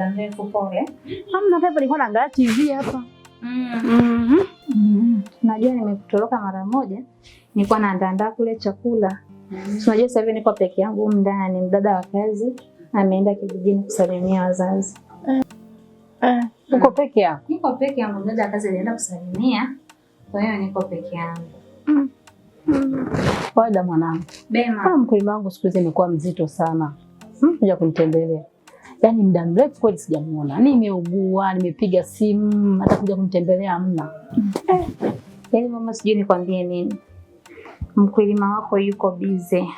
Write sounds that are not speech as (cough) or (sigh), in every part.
muda mrefu, pole. Mm-hmm. Hamna pepo, nilikuwa naangalia TV hapa. Mm. Mm Mm Najua nimekutoroka mara moja, nilikuwa naandaandaa kule chakula. Mm -hmm. Unajua sasa hivi niko peke yangu ndani, mdada wa kazi ameenda kijijini kusalimia wazazi. Mm. uko peke yako? Niko peke yangu, mdada wa kazi alienda kusalimia, kwa hiyo niko peke yangu. Mm. Mm. Wada mwanangu, mkulima wangu siku hizi imekuwa mzito sana. Mm, kuja kunitembelea yani muda mrefu kweli sijamuona. Yaani nimeugua, nimepiga simu, hata kuja kumtembelea mna Eh, yani mama, sijui nikwambie nini. Mkulima wako yuko bize,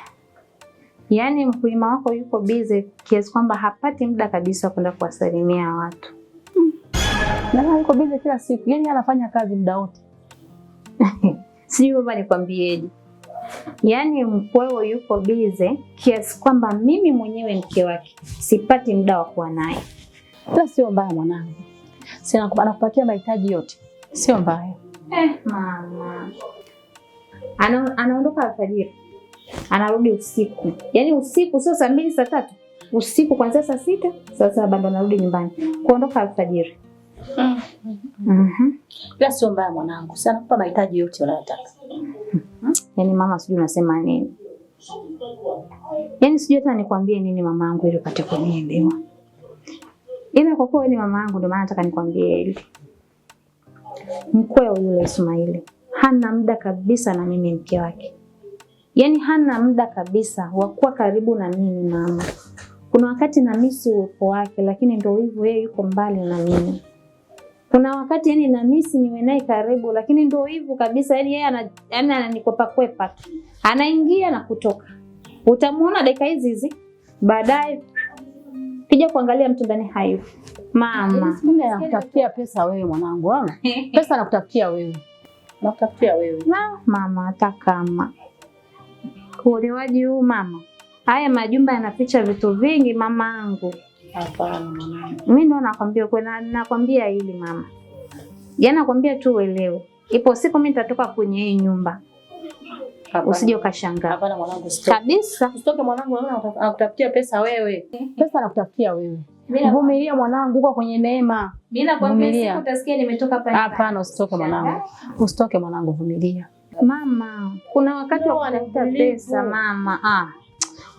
yani mkulima wako yuko bize kiasi kwamba hapati muda kabisa kwenda kuwasalimia watu mm. yuko bize kila siku, yani anafanya kazi muda wote (laughs) sijui baba nikwambieje. Yaani mkweo yuko bize kiasi kwamba mimi mwenyewe mke wake sipati muda wa kuwa naye. La, sio mbaya mwanangu, sina anakupatia mahitaji yote, sio mbaya eh. Mama ana, anaondoka alfajiri anarudi usiku, yaani usiku sio saa mbili saa tatu usiku, kuanzia saa sita saa saba ndo anarudi nyumbani, kuondoka alfajiri mm mm -hmm. sio mbaya mwanangu, si anakupa mahitaji yote unayotaka. Yaani mama, sijui unasema nini? Yaani sijui hata nikwambie nini mama yangu ili upate kunielewa. Ila kwa kuwa ni mama yangu ndio maana nataka nikwambie hili. Mkweo yule Ismaili hana muda kabisa na mimi mke wake. Yaani hana muda kabisa wa kuwa karibu na mimi mama. Kuna wakati na misi uwepo wake, lakini ndio hivyo yeye yuko mbali na mimi kuna wakati yani na misi niwe naye karibu, lakini ndio hivyo kabisa, yani yeye ana yani ananikwepa kwepa, anaingia na kutoka. Utamuona dakika hizi hizi, baadaye kija kuangalia mtu ndani hayupo. Mama yaani anakutafutia pesa wewe, mwanangu, (laughs) pesa anakutafutia wewe, anakutafutia wewe na mama. Hata kama uolewaji huu mama, haya majumba yanaficha vitu vingi mamangu. Hapana mwanangu. Mimi ndo nakwambia ukweli nakwambia hili mama. Yaani nakwambia tu uelewe. Ipo siku mimi nitatoka kwenye hii nyumba. Usije ukashangaa. Hapana mwanangu, stop Kabisa. Usitoke mwanangu, naona anakutafutia pesa wewe. Pesa anakutafutia wewe. Vumilia mwanangu, uko kwenye neema. Mimi nakwambia siku utasikia nimetoka pale. Hapana, usitoke mwanangu. Usitoke mwanangu, vumilia. Mama, kuna wakati wa kutafuta pesa mama. Ah.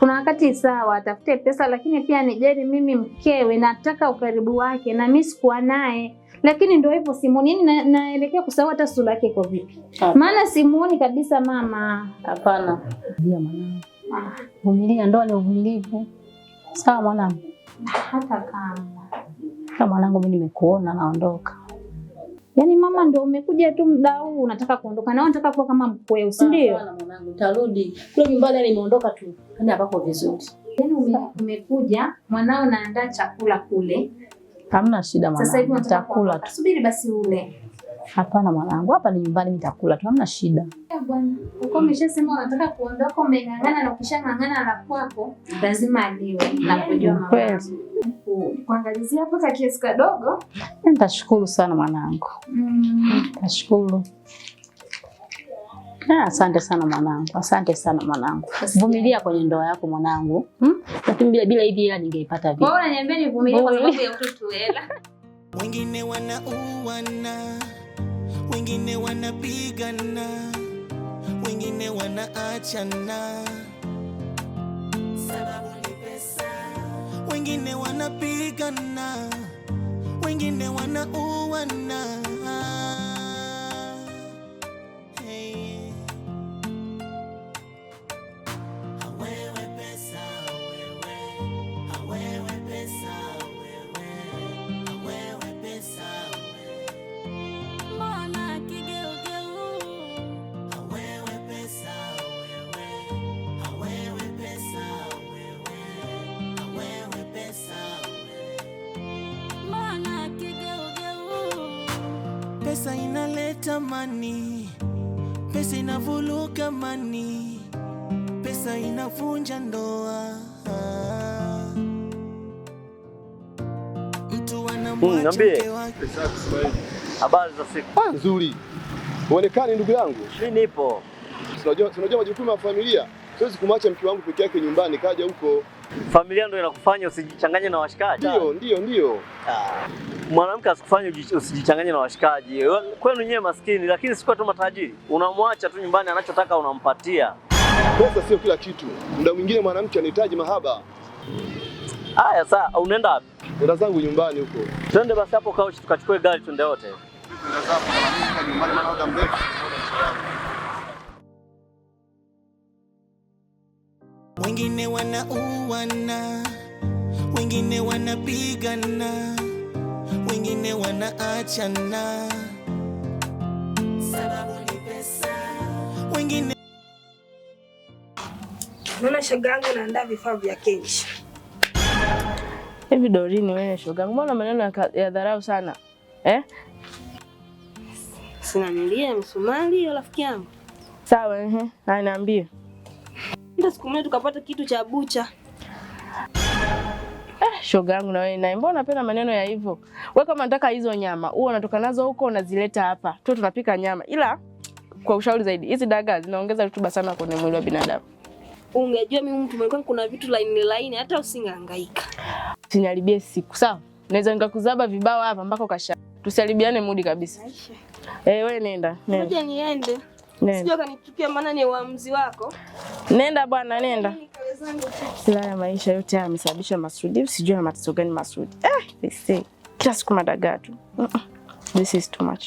Kuna wakati sawa, atafute pesa, lakini pia nijali mimi mkewe, nataka ukaribu wake, na mimi sikuwa naye lakini ndio hivyo simuoni, yani naelekea na kusahau hata sura yake iko vipi, ah. maana simuoni kabisa mama. Hapana dia mwanangu, vumilia, ndoa ni uvumilivu. Sawa mwanangu, hata kama kama mwanangu, mimi nimekuona, naondoka Yaani mama ndio umekuja tu muda huu unataka kuondoka nao, nataka kuwa kama mkweo, si ndio? Mwanangu tarudi kule nyumbani, yaani nimeondoka tu hapako vizuri. Yaani umekuja mwanao, naandaa chakula kule. Hamna shida mwanangu, nitakula tu. Subiri basi ule. Hapana mwanangu, hapa ni nyumbani, nitakula tu, hamna shida. Bwana uko umeshasema unataka kuondoka, umeng'ang'ana na ukishang'ang'ana la kwako lazima aliwe na kujua mama kuangalizia hapo kwa kiasi kadogo. Nitashukuru sana mwanangu, mm. nitashukuru mm. Asante sana mwanangu, asante sana mwanangu, vumilia kwenye ndoa yako mwanangu, hmm? lakini hmm? bila bila hivi hela ningeipata vipi? Wewe unaniambia nivumilie kwa sababu ya mtoto hela? (laughs) Wengine wanauana, wengine wanapigana, wengine wanaachana sababu wengine wanapigana, wengine wanauana tamani, pesa inavuruga mani, pesa inavunja ndoa. Mtu anamwacha hmm, mke wake. Habari za siku ah, nzuri, uonekane ndugu yangu. Nipo. Unajua majukumu ya familia, siwezi kumwacha mke wangu peke yake nyumbani, kaja huko. Familia ndio inakufanya usijichanganye na washikaji. Ndio, ndio, ndio. Ah mwanamke asikufanye usijichanganye na washikaji kwenu nyewe maskini, lakini sikuwa tu matajiri. Unamwacha tu nyumbani, anachotaka unampatia. Pesa sio kila kitu, muda mwingine mwanamke anahitaji mahaba. Aya, saa unaenda wapi? Nenda zangu nyumbani huko. Twende basi hapo kauchi, tukachukue gari twende wote. Wengine wanauana, wengine wanapigana wengine wanaachana sababu ni pesa, wengine Nona. shogangu, naandaa vifaa vya kesho hivi. Dorini, wewe shogangu, mbona maneno ya dharau sana eh? Sinanilia msumari hiyo rafiki yangu. Sawa, ehe, anaambia ndio siku moja tukapata kitu cha bucha Eh, (laughs) shoga yangu na wewe naye, mbona pena maneno ya hivyo? Wewe kama unataka hizo nyama, huwa unatoka nazo huko unazileta hapa. Tu tunapika nyama. Ila kwa ushauri zaidi, hizi dagaa zinaongeza rutuba sana kwenye mwili wa binadamu. Ungejua mimi mtu mwenyewe kuna vitu laini laini hata usingahangaika. Usiniharibie siku, sawa? Naweza nikakuzaba vibao hapa mpaka ukasha. Tusiharibiane mudi kabisa. Eh, wewe nenda. Ngoja niende. Sijui kanichukia maana ni uamuzi wako. Nenda bwana, nenda. Sila ya maisha yote haya amesababisha Masudi, sijui na matatizo gani Masudi. Eh, kila siku madagaa tu. This is too much.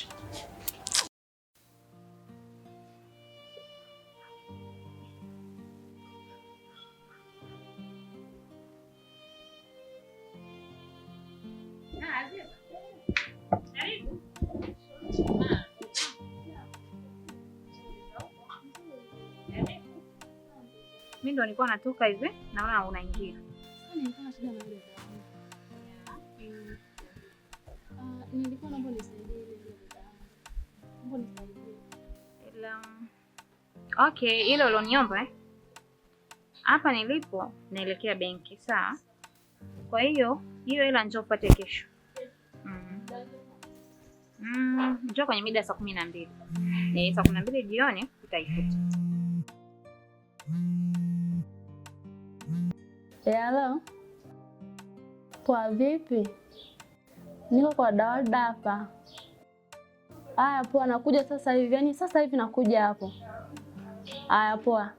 ndo nilikuwa natoka hivi, naona unaingia. Mm. Ah, okay, ile ulioniomba eh? Hapa nilipo naelekea benki, sawa? Kwa hiyo hiyo hela njoo upate kesho. Mm. Mm, njoo kwenye mida ya saa kumi na mbili. Eh, saa kumi na mbili jioni utaifuta. Eh, hello. Kwa vipi? Niko kwa dawada hapa. Aya, poa, nakuja sasa hivi. Yaani sasa hivi nakuja hapo. Aya, poa.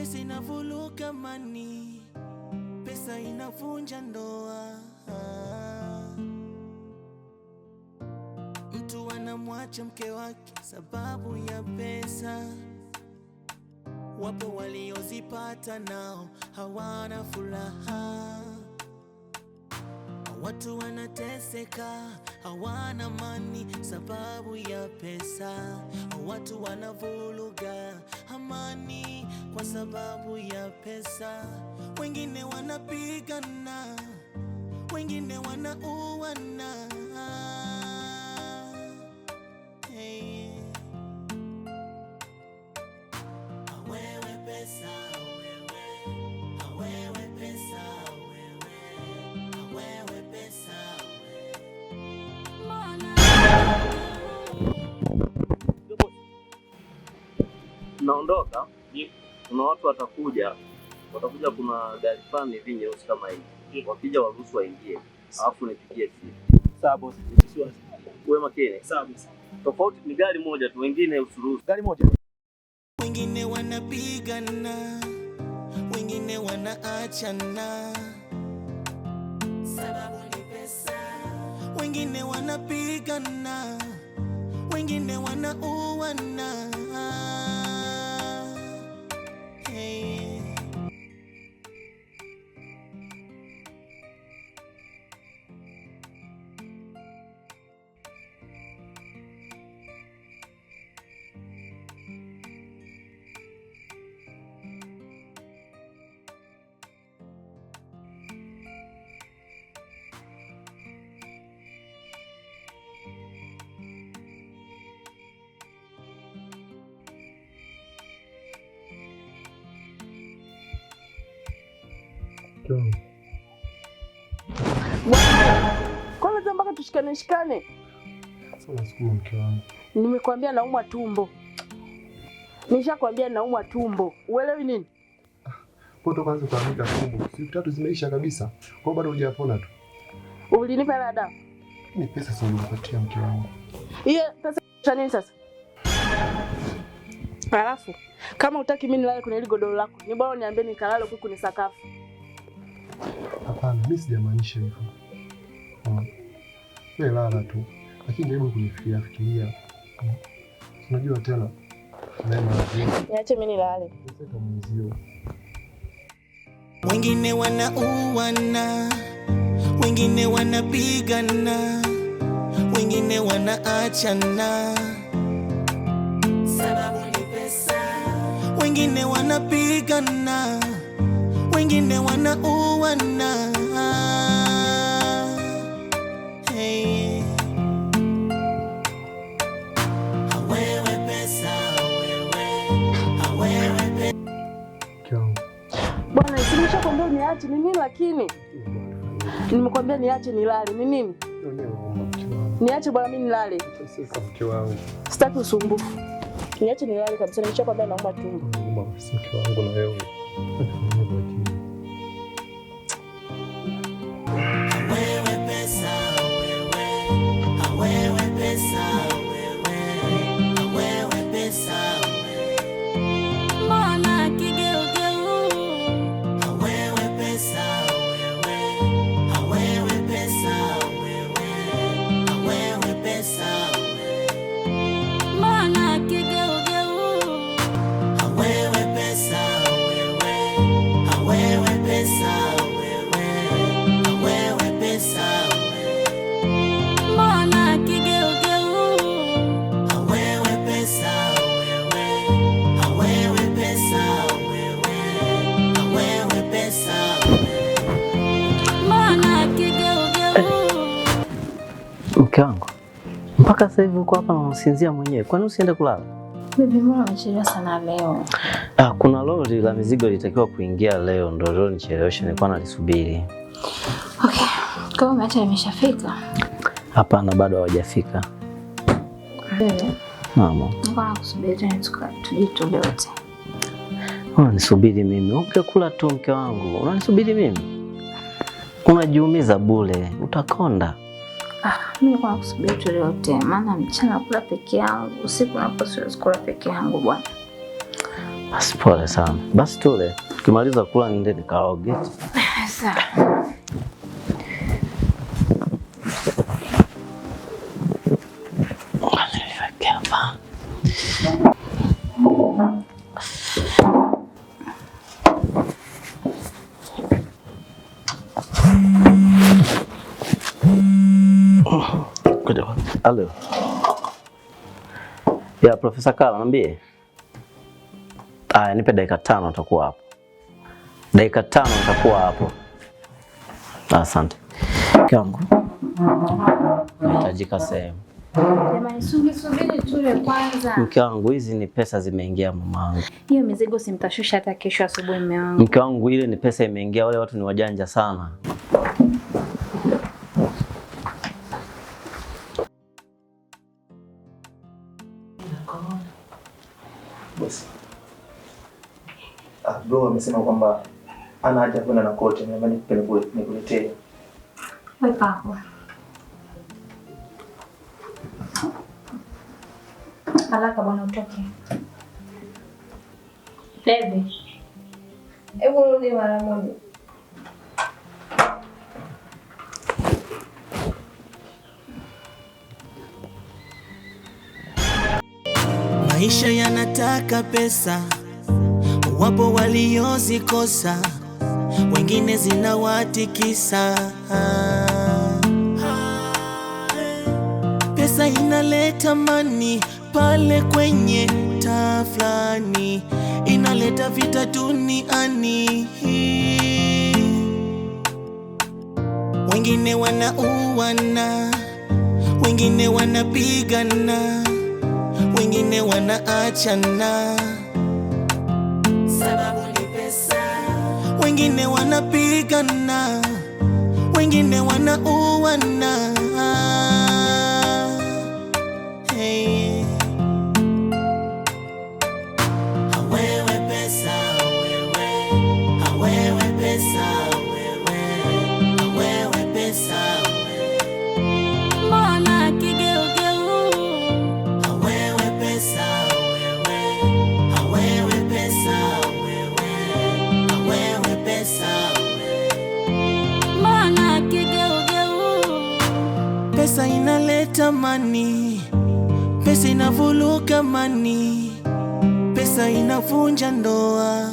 Pesa inavuluka mani pesa inavunja ndoa. Mtu anamwacha mke wake sababu ya pesa. Wapo waliozipata nao hawana furaha. Watu wanateseka, hawana amani sababu ya pesa. Watu wanavuruga amani kwa sababu ya pesa. Wengine wanapigana, wengine wanauana nikiondoka, kuna watu watakuja, watakuja, kuna gari fulani hivi nyeusi kama hii, wakija waruhusu waingie, alafu nipigie simu. Sawa boss, uwe makini. Sawa boss, tofauti ni gari moja tu, wengine usuruhusu gari moja, wengine wanapigana, wengine wanaachana, sababu ni pesa, wengine wanapigana, wengine wanauana tu kwanza, mpaka tushikane shikane. Sukuma mke wangu, nimekwambia naumwa tumbo, nishakwambia naumwa tumbo, uelewi nini? Poto ah, kwanza ukaamka tumbo, siku tatu zimeisha kabisa, kwa bado hujapona tu. Ulinipa hela Ni pesa sasa nilipatia mke wangu. Hiyo pesa cha nini sasa? Halafu kama utaki mimi nilale kwenye ile godoro lako, ni bora niambie nikalale huko kwenye sakafu. Hapana, mi sijamaanisha hivyo. Hmm. Wewe lala tu, lakini jaribu kunifikiria fikiria. Hmm. Unajua tena niache mimi nilale. Wengine wanauana, wengine wanapigana, wengine wanaachana, sababu ni pesa. Wengine wanapigana wengine wanauana hey. Awewe pesa niache ni nini? Lakini nimekwambia niache nilale ni nini? Niache bwana, mimi nilale, sitaki usumbufu. Niache nilale kabisa, nimeshakwambia nauma tumbo. Mke wangu na wewe mpaka sasa hivi uko hapa na unasinzia mwenyewe, kwani usiende kulala? Bibi, mbona unachelewa sana leo? Ah, kuna lori la mizigo litakiwa kuingia leo, ndio leo nichelewesha, nilikuwa nalisubiri. Okay, kama mata imeshafika? Hapana, bado hawajafika. Mama, unanisubiri ah, mimi? Ungekula tu mke wangu, unanisubiri mimi? Unajiumiza bure, utakonda. Ah, mi kwa kusubiri tu yote, maana mchana kula peke yangu, usiku napo siwezi kula peke yangu bwana. Basi pole sana. Basi tule. Tukimaliza kula niende nikaoge. (laughs) Sawa. Halo. Ya Profesa Kala, niambie. Aya, nipe dakika tano nitakuwa hapo. Dakika tano nitakuwa hapo. Asante. Kangu. Nahitajika sehemu. Jamani, Mke wangu, hizi ni pesa zimeingia wangu. Hiyo mizigo simtashusha hata kesho asubuhi mume wangu. Mke wangu, ile ni pesa imeingia, wale watu ni wajanja sana. bro amesema kwamba ana haja kwenda na kote, nikuletee haraka bwana, utoke. bebe, Hebu rudi mara moja. Maisha yanataka pesa Wapo waliozikosa, wengine zinawatikisa. Pesa inaleta mani pale kwenye taa fulani, inaleta vita duniani. Wengine wanauana, wengine wanapigana, wengine wanaachana sababu ni pesa. Wengine wanapigana, wengine wanauana. Hey. Awewe pesa, awewe, awewe mani, pesa inavuluka mani, pesa inavunja ndoa.